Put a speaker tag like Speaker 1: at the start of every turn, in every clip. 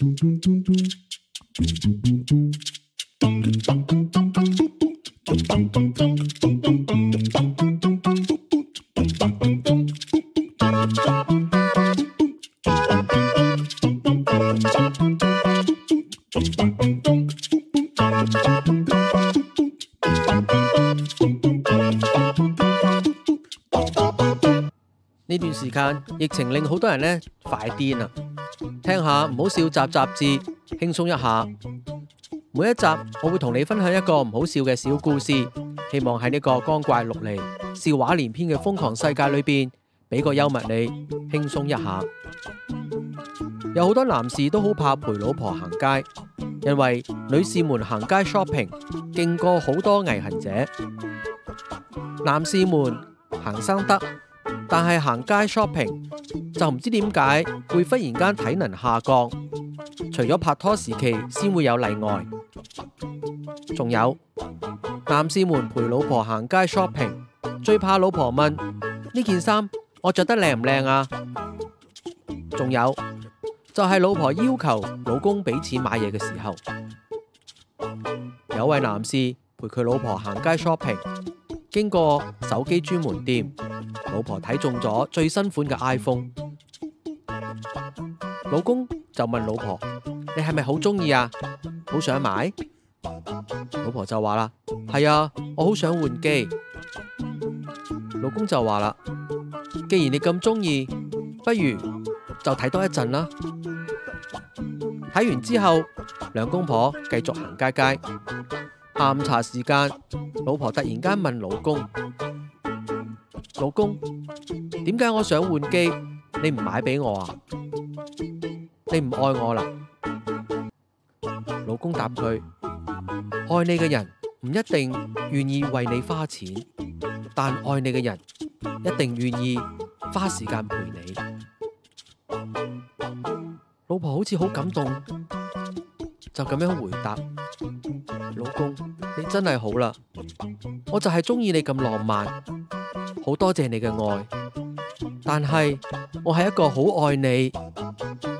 Speaker 1: 呢段時間，疫情令好多人呢快癲啊！聽一下唔好笑雜雜誌，輕鬆一下。每一集我會同你分享一個唔好笑嘅小故事，希望喺呢個光怪陸離、笑話連篇嘅瘋狂世界裏邊，俾個幽默你，輕鬆一下。有好多男士都好怕陪老婆行街，因為女士們行街 shopping 勁過好多毅行者，男士們行生得。但係行街 shopping 就唔知點解會忽然間體能下降，除咗拍拖時期先會有例外。仲有男士們陪老婆行街 shopping，最怕老婆問，呢件衫我着得靚唔靚啊？仲有就係老婆要求老公俾錢買嘢嘅時候，有位男士陪佢老婆行街 shopping，經過手機專門店。老婆睇中咗最新款嘅 iPhone，老公就問老婆：你係咪好中意啊？好想買？老婆就話啦：係啊，我好想換機。老公就話啦：既然你咁中意，不如就睇多一陣啦。睇完之後，兩公婆繼續行街街。下午茶時間，老婆突然間問老公。老公，點解我想換機，你唔買俾我啊？你唔愛我啦？老公答佢：愛你嘅人唔一定願意為你花錢，但愛你嘅人一定願意花時間陪你。老婆好似好感動，就咁樣回答：老公，你真係好啦，我就係中意你咁浪漫。好多謝，謝你嘅愛，但係我係一個好愛你，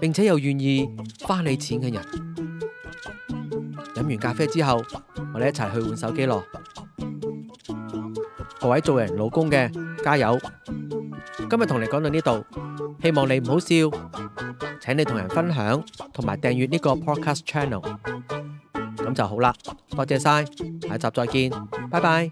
Speaker 1: 並且又願意花你錢嘅人。飲完咖啡之後，我哋一齊去換手機咯。各位做人老公嘅，加油！今日同你講到呢度，希望你唔好笑，請你同人分享同埋訂閱呢個 Podcast Channel，咁就好啦。多謝晒，下一集再見，拜拜。